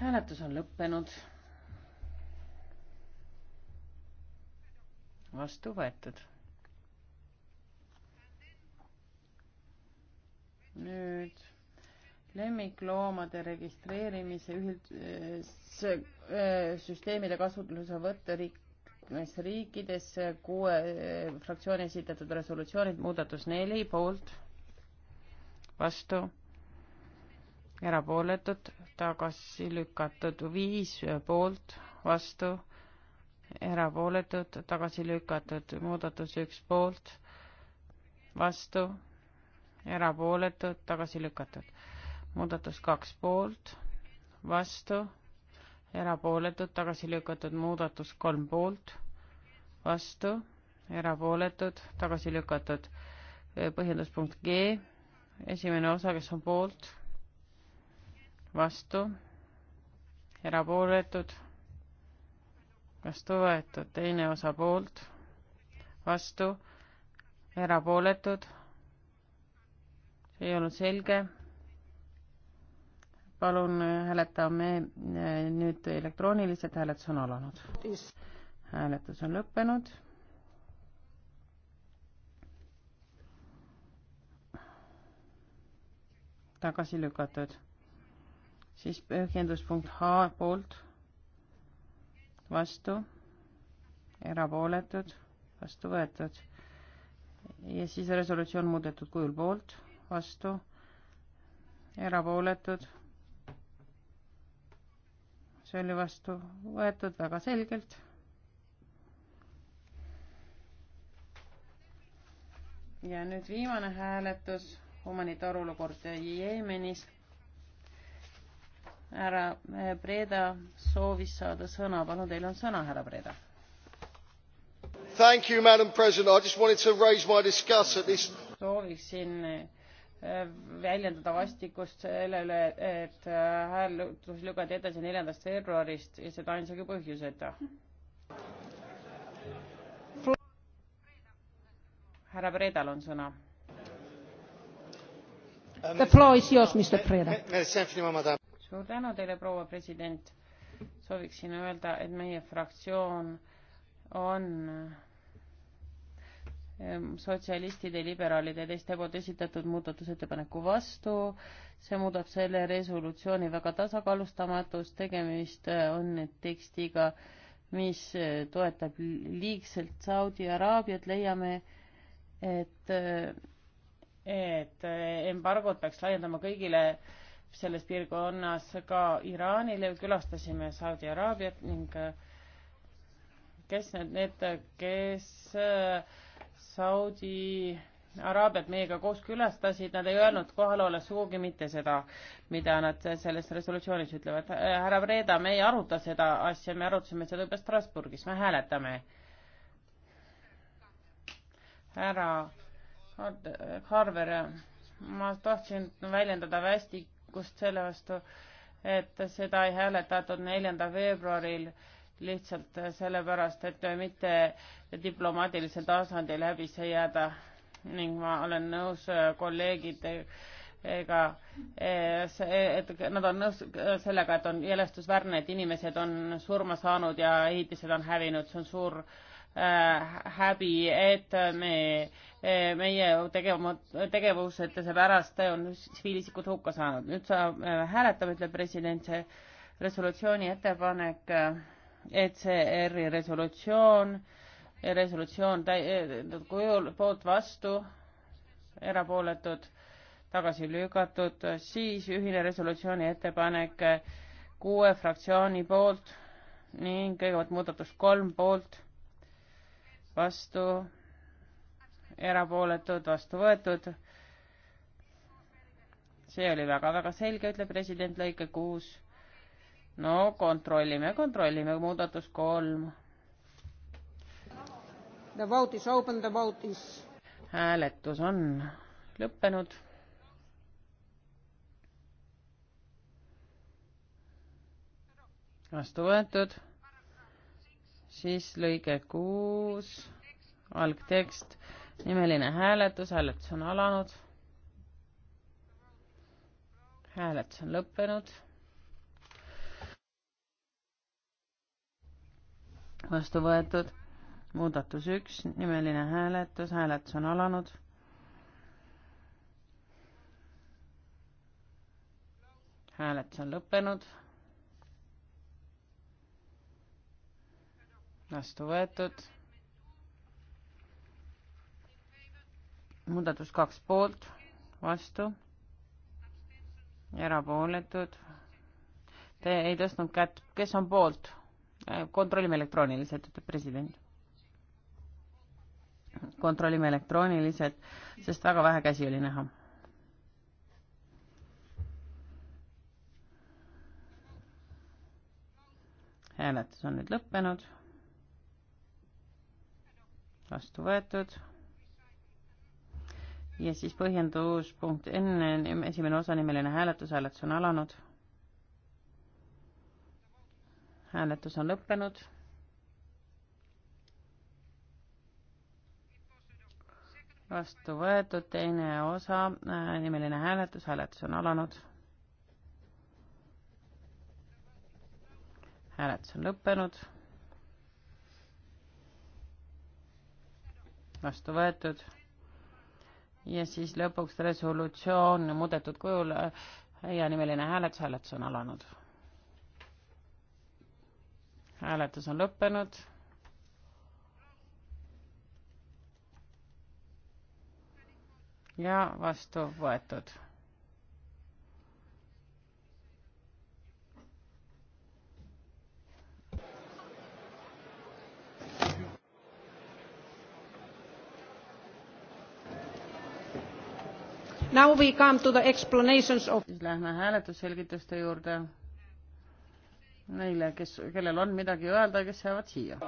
Speaker 3: hääletus on lõppenud. vastu võetud. nüüd lemmikloomade registreerimise ühildussüsteemide eh, eh, kasutuse võtte liikmesriikides eh, kuue fraktsiooni esitatud resolutsioonid, muudatus neli poolt, vastu erapooletud, tagasi lükatud viis poolt, vastu, erapooletud, tagasi lükatud, muudatus üks poolt, vastu, erapooletud, tagasi lükatud, muudatus kaks poolt, vastu, erapooletud, tagasi lükatud, muudatus kolm poolt, vastu, erapooletud, tagasi lükatud, põhjenduspunkt G, esimene osa, kes on poolt vastu, erapooletud, vastu võetud, teine osa poolt, vastu, erapooletud, ei olnud selge. palun hääletame äh, nüüd elektrooniliselt, hääletus on alanud. hääletus on lõppenud tagasi lükatud siis põhjenduspunkt H poolt, vastu, erapooletud, vastu võetud. ja siis resolutsioon muudetud kujul poolt, vastu, erapooletud. see oli vastu võetud väga selgelt. ja nüüd viimane hääletus humanitaarolukord Jeemenis härra eh, Breda soovis saada sõna, palun, teil on sõna, härra Breda. This... sooviksin eh, väljendada vastikust selle üle, et eh, hääletus lükati edasi neljandast veebruarist ja seda ainsagi põhjuseta. härra Predal on sõna.
Speaker 1: The floor is yours, Mr Preda
Speaker 3: suur tänu teile, proua president. sooviksin öelda, et meie fraktsioon on ehm, sotsialistide, liberaalide ja teiste poolt esitatud muudatusettepaneku vastu. see muudab selle resolutsiooni väga tasakaalustamatus, tegemist eh, on tekstiga, mis eh, toetab liigselt Saudi Araabiat, leiame, et, eh, et embargot peaks laiendama kõigile äh, selles piirkonnas ka Iraanile, külastasime Saudi Araabiat ning äh, kes need, need, kes äh, Saudi Araabiat meiega koos külastasid, nad ei öelnud kohal olles sugugi mitte seda, mida nad selles resolutsioonis ütlevad. Äh, härra Breda, me ei aruta seda asja, me arutasime seda juba Strasbourgis, me hääletame. härra Harver, ma tahtsin väljendada hästi kriitikust selle vastu, et seda ei hääletatud neljandal veebruaril lihtsalt sellepärast, et mitte diplomaatilisel tasandil häbisse jääda ning ma olen nõus äh, kolleegidega, äh, et nad on nõus äh, sellega, et on jälestusväärne, et inimesed on surma saanud ja ehitised on hävinud, see on suur äh, Äh, häbi, et me, äh, meie tegevused, tegevused seepärast on tsiviilisikud hukka saanud. nüüd saab äh, hääletama, ütleb president, see resolutsiooni ettepanek, ECR-i resolutsioon, resolutsioon täiendatud kujul, poolt vastu, erapooletud, tagasi lükatud, siis ühine resolutsiooni ettepanek kuue fraktsiooni poolt ning kõigepealt muudatus kolm poolt vastu, erapooletud, vastu võetud. see oli väga-väga selge, ütleb president lõike kuus. no kontrollime, kontrollime, muudatus kolm. The vote is open, the vote is. hääletus on lõppenud vastu võetud siis lõige kuus, algtekst, nimeline hääletus, hääletus on alanud. hääletus on lõppenud. vastu võetud muudatus üks, nimeline hääletus, hääletus on alanud. hääletus on lõppenud vastu võetud. muudatus kaks poolt, vastu, erapooletud. Te ei tõstnud kätt, kes on poolt? kontrollime elektrooniliselt, ütleb president. kontrollime elektrooniliselt, sest väga vähe käsi oli näha. hääletus on nüüd lõppenud vastu võetud. ja siis põhjendus punkt N, esimene osanimeline hääletus, hääletus on alanud. hääletus on lõppenud. vastu võetud, teine osa, äh, nimeline hääletus, hääletus on alanud. hääletus on lõppenud vastu võetud. ja siis lõpuks resolutsioon muudetud kujul ja nimeline hääletus, hääletus on alanud. hääletus on lõppenud. ja vastu võetud
Speaker 2: Now we come to
Speaker 3: the explanations of siis lähme hääletusselgituste juurde neile, kes, kellel on midagi öelda, kes jäävad siia.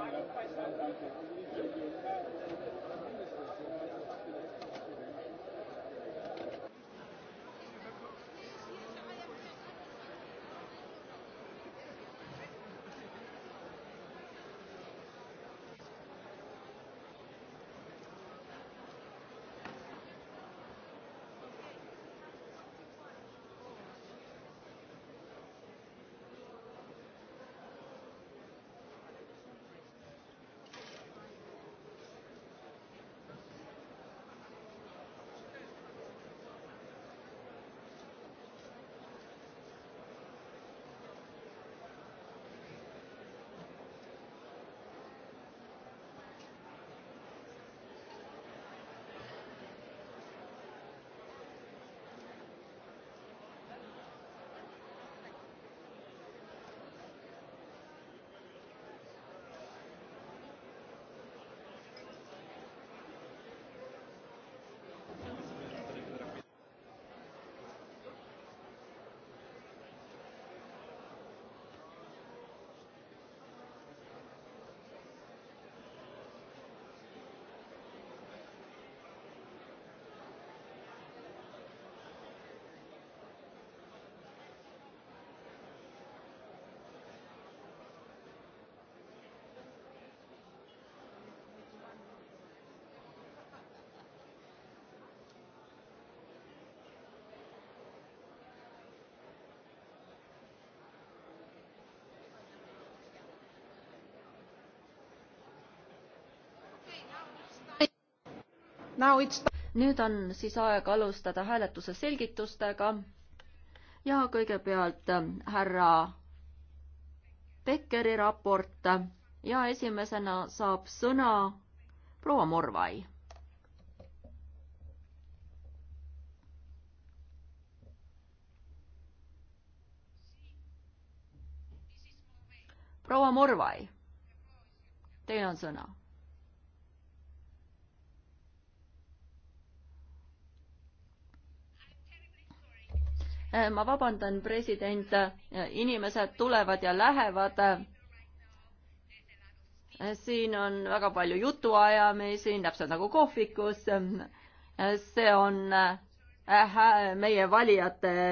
Speaker 1: nüüd on siis aeg alustada hääletuse selgitustega ja kõigepealt ähm, härra Beckeri raport ja esimesena saab sõna proua Morvai. proua Morvai, teil on sõna Äh, ma vabandan, president, äh, inimesed tulevad ja lähevad. Äh, siin on väga palju jutuajamisi, täpselt nagu kohvikus. see on äh, meie valijate